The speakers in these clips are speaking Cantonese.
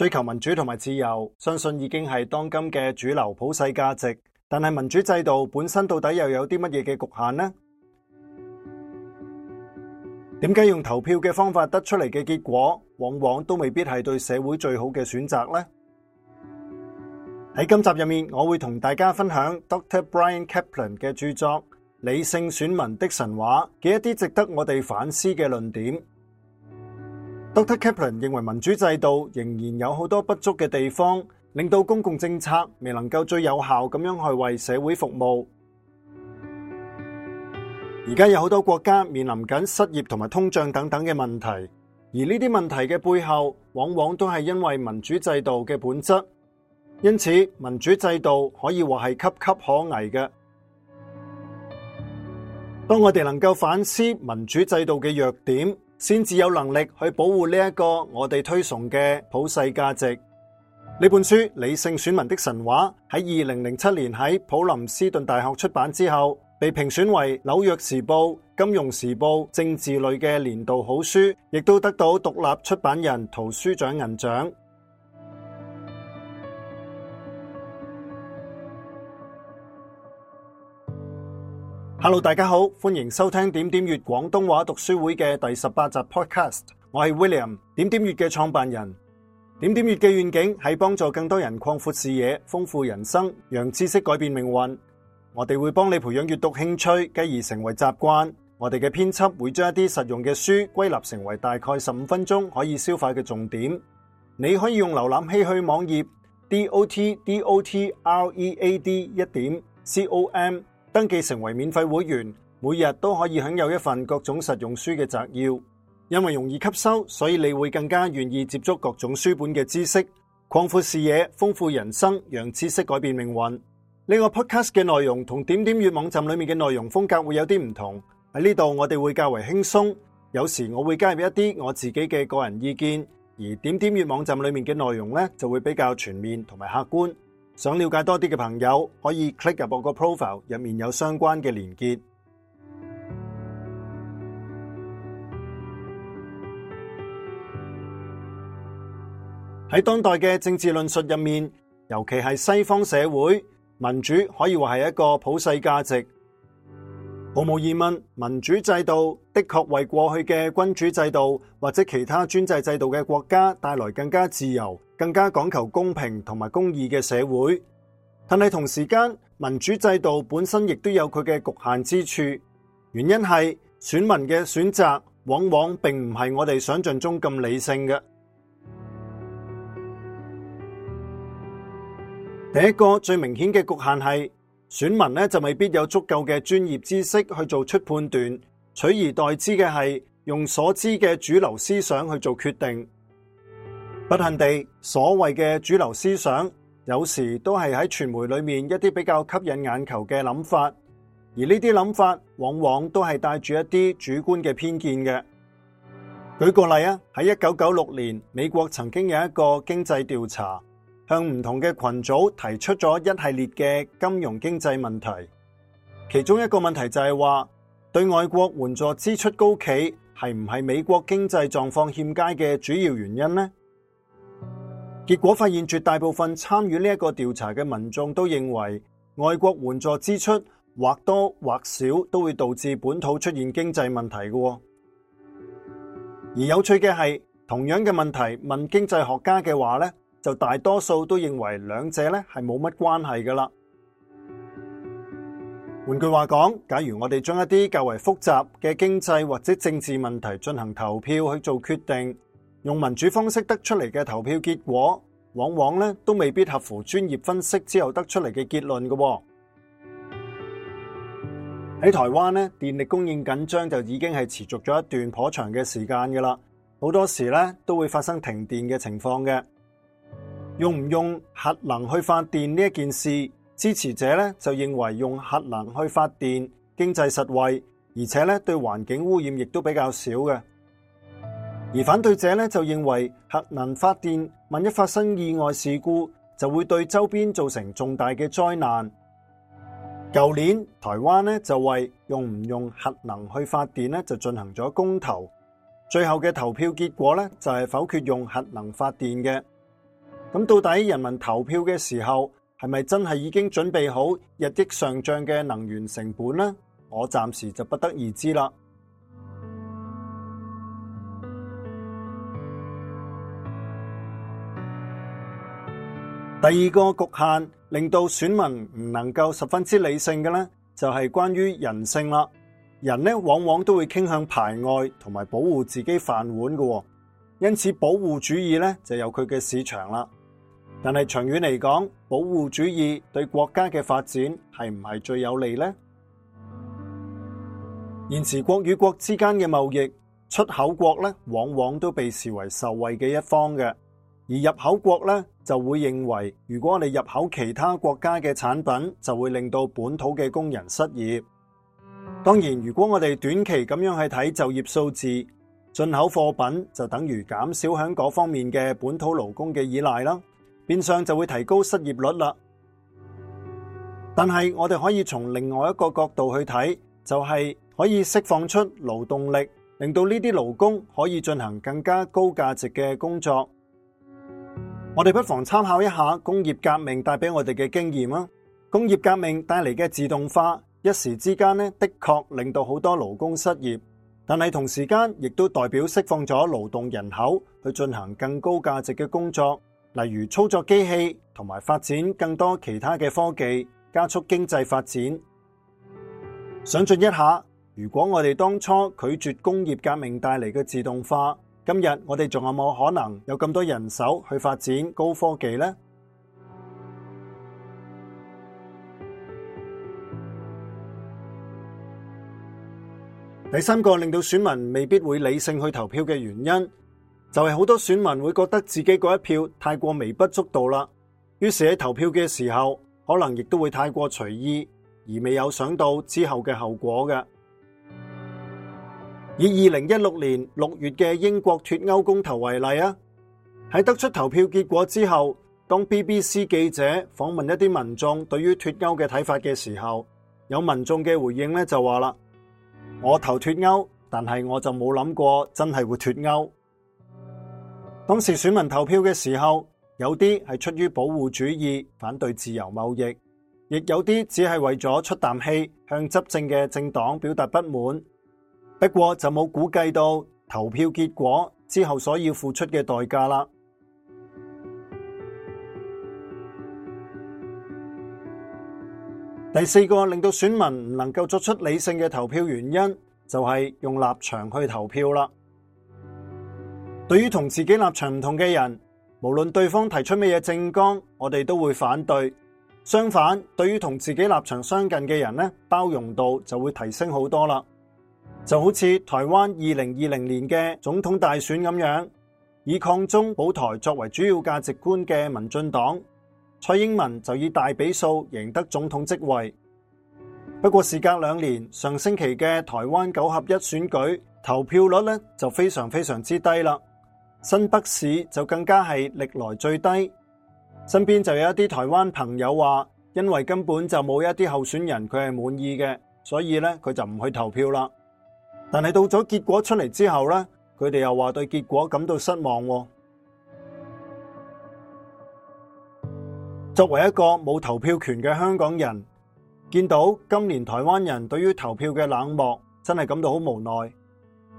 追求民主同埋自由，相信已經係當今嘅主流普世價值。但係民主制度本身到底又有啲乜嘢嘅局限呢？點解用投票嘅方法得出嚟嘅結果，往往都未必係對社會最好嘅選擇呢？喺今集入面，我會同大家分享 Dr. Bryan Caplan 嘅著作《理性選民的神話》嘅一啲值得我哋反思嘅論點。Dr Caplan 認為民主制度仍然有好多不足嘅地方，令到公共政策未能夠最有效咁樣去為社會服務。而家有好多國家面臨緊失業同埋通脹等等嘅問題，而呢啲問題嘅背後，往往都係因為民主制度嘅本質。因此，民主制度可以話係岌岌可危嘅。當我哋能夠反思民主制度嘅弱點，先至有能力去保護呢一個我哋推崇嘅普世價值。呢本書《理性選民的神話》喺二零零七年喺普林斯頓大學出版之後，被評選為《紐約時報》、《金融時報》政治類嘅年度好書，亦都得到獨立出版人圖書獎銀獎。hello，大家好，歡迎收聽點點粵廣東話讀書會嘅第十八集 podcast，我係 William，點點粵嘅創辦人。點點粵嘅願景係幫助更多人擴闊視野、豐富人生，讓知識改變命運。我哋會幫你培養閱讀興趣，繼而成為習慣。我哋嘅編輯會將一啲實用嘅書歸納成為大概十五分鐘可以消化嘅重點。你可以用瀏覽器去網頁 dot dot read 一點 com。登記成為免費會員，每日都可以享有一份各種實用書嘅摘要。因為容易吸收，所以你會更加願意接觸各種書本嘅知識，擴闊視野，豐富人生，讓知識改變命運。呢個 podcast 嘅內容同點點閱網站裏面嘅內容風格會有啲唔同。喺呢度我哋會較為輕鬆，有時我會加入一啲我自己嘅個人意見，而點點閱網站裏面嘅內容呢，就會比較全面同埋客觀。想了解多啲嘅朋友，可以 click 入我個 profile，入面有相關嘅連結。喺 當代嘅政治論述入面，尤其係西方社會，民主可以話係一個普世價值。毫無疑問，民主制度的確為過去嘅君主制度或者其他專制制度嘅國家帶來更加自由。更加講求公平同埋公義嘅社會，但係同時間，民主制度本身亦都有佢嘅局限之處。原因係選民嘅選擇往往並唔係我哋想象中咁理性嘅。 第一個最明顯嘅局限係，選民呢，就未必有足夠嘅專業知識去做出判斷，取而代之嘅係用所知嘅主流思想去做決定。不幸地，所謂嘅主流思想有時都係喺傳媒裏面一啲比較吸引眼球嘅諗法，而呢啲諗法往往都係帶住一啲主觀嘅偏見嘅。舉個例啊，喺一九九六年，美國曾經有一個經濟調查，向唔同嘅群組提出咗一系列嘅金融經濟問題。其中一個問題就係話，對外國援助支出高企，係唔係美國經濟狀況欠佳嘅主要原因呢？結果發現，絕大部分參與呢一個調查嘅民眾都認為，外國援助支出或多或少都會導致本土出現經濟問題嘅。而有趣嘅係，同樣嘅問題問經濟學家嘅話呢，就大多數都認為兩者呢係冇乜關係噶啦。換句話講，假如我哋將一啲較為複雜嘅經濟或者政治問題進行投票去做決定。用民主方式得出嚟嘅投票結果，往往咧都未必合乎專業分析之後得出嚟嘅結論嘅，哦。喺台灣咧，電力供應緊張就已經係持續咗一段頗長嘅時間噶啦，好多時咧都會發生停電嘅情況嘅。用唔用核能去發電呢一件事，支持者咧就認為用核能去發電經濟實惠，而且咧對環境污染亦都比較少嘅。而反對者咧就認為核能發電萬一發生意外事故，就會對周邊造成重大嘅災難。舊年台灣咧就為用唔用核能去發電咧就進行咗公投，最後嘅投票結果咧就係否決用核能發電嘅。咁到底人民投票嘅時候係咪真係已經準備好日益上漲嘅能源成本呢？我暫時就不得而知啦。第二個局限令到選民唔能夠十分之理性嘅咧，就係關於人性啦。人咧往往都會傾向排外同埋保護自己飯碗㗎喎，因此保護主義咧就有佢嘅市場啦。但係長遠嚟講，保護主義對國家嘅發展係唔係最有利呢？現時國與國之間嘅貿易，出口國咧往往都被視為受惠嘅一方嘅。而入口國呢就會認為，如果我哋入口其他國家嘅產品，就會令到本土嘅工人失業。當然，如果我哋短期咁樣去睇就業數字，進口貨品就等於減少響嗰方面嘅本土勞工嘅依賴啦，變相就會提高失業率啦。但係我哋可以從另外一個角度去睇，就係可以釋放出勞動力，令到呢啲勞工可以進行更加高價值嘅工作。我哋不妨參考一下工業革命帶俾我哋嘅經驗啊！工業革命帶嚟嘅自動化一時之間呢，的確令到好多勞工失業，但係同時間亦都代表釋放咗勞動人口去進行更高價值嘅工作，例如操作機器同埋發展更多其他嘅科技，加速經濟發展。想像一下，如果我哋當初拒絕工業革命帶嚟嘅自動化。今日我哋仲有冇可能有咁多人手去發展高科技咧？第三個令到選民未必會理性去投票嘅原因，就係好多選民會覺得自己嗰一票太過微不足道啦，於是喺投票嘅時候，可能亦都會太過隨意，而未有想到之後嘅後果嘅。以二零一六年六月嘅英國脫歐公投為例啊，喺得出投票結果之後，當 BBC 記者訪問一啲民眾對於脫歐嘅睇法嘅時候，有民眾嘅回應咧就話啦：「我投脫歐，但係我就冇諗過真係會脫歐。」當時選民投票嘅時候，有啲係出於保護主義，反對自由貿易，亦有啲只係為咗出啖氣，向執政嘅政黨表達不滿。不過就冇估計到投票結果之後所要付出嘅代價啦。第四個令到選民唔能夠作出理性嘅投票原因，就係用立場去投票啦。對於同自己立場唔同嘅人，無論對方提出咩嘢政綱，我哋都會反對；相反，對於同自己立場相近嘅人呢，包容度就會提升好多啦。就好似台灣二零二零年嘅總統大選咁樣，以抗中保台作為主要價值觀嘅民進黨蔡英文就以大比數贏得總統職位。不過，事隔兩年，上星期嘅台灣九合一選舉投票率咧就非常非常之低啦，新北市就更加係歷來最低。身邊就有一啲台灣朋友話，因為根本就冇一啲候選人佢係滿意嘅，所以咧佢就唔去投票啦。但係到咗結果出嚟之後呢，佢哋又話對結果感到失望。作為一個冇投票權嘅香港人，見到今年台灣人對於投票嘅冷漠，真係感到好無奈。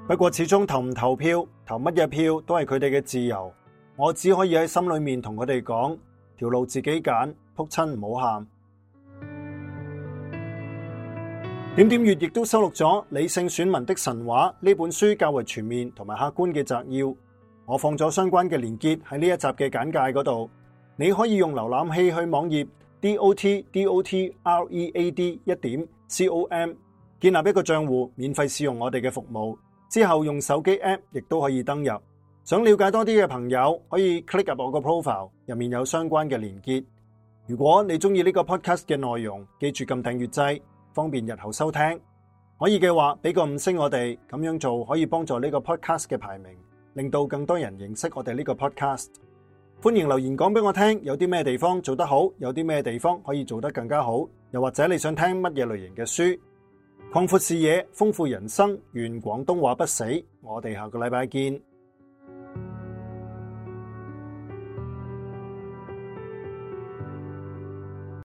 不過始終投唔投票，投乜嘢票都係佢哋嘅自由，我只可以喺心裏面同佢哋講：條路自己揀，仆親唔好喊。點點閱亦都收錄咗《理性選民的神話》呢本書較為全面同埋客觀嘅摘要，我放咗相關嘅連結喺呢一集嘅簡介嗰度。你可以用瀏覽器去網頁 dot dot read 一點 com 建立一個賬戶，免費試用我哋嘅服務，之後用手機 app 亦都可以登入。想了解多啲嘅朋友可以 click 入我個 profile 入面有相關嘅連結。如果你中意呢個 podcast 嘅內容，記住撳訂閱掣。方便日後收聽，可以嘅話俾個五星我哋，咁樣做可以幫助呢個 podcast 嘅排名，令到更多人認識我哋呢個 podcast。歡迎留言講俾我聽，有啲咩地方做得好，有啲咩地方可以做得更加好，又或者你想聽乜嘢類型嘅書，擴闊視野，豐富人生。願廣東話不死，我哋下個禮拜見。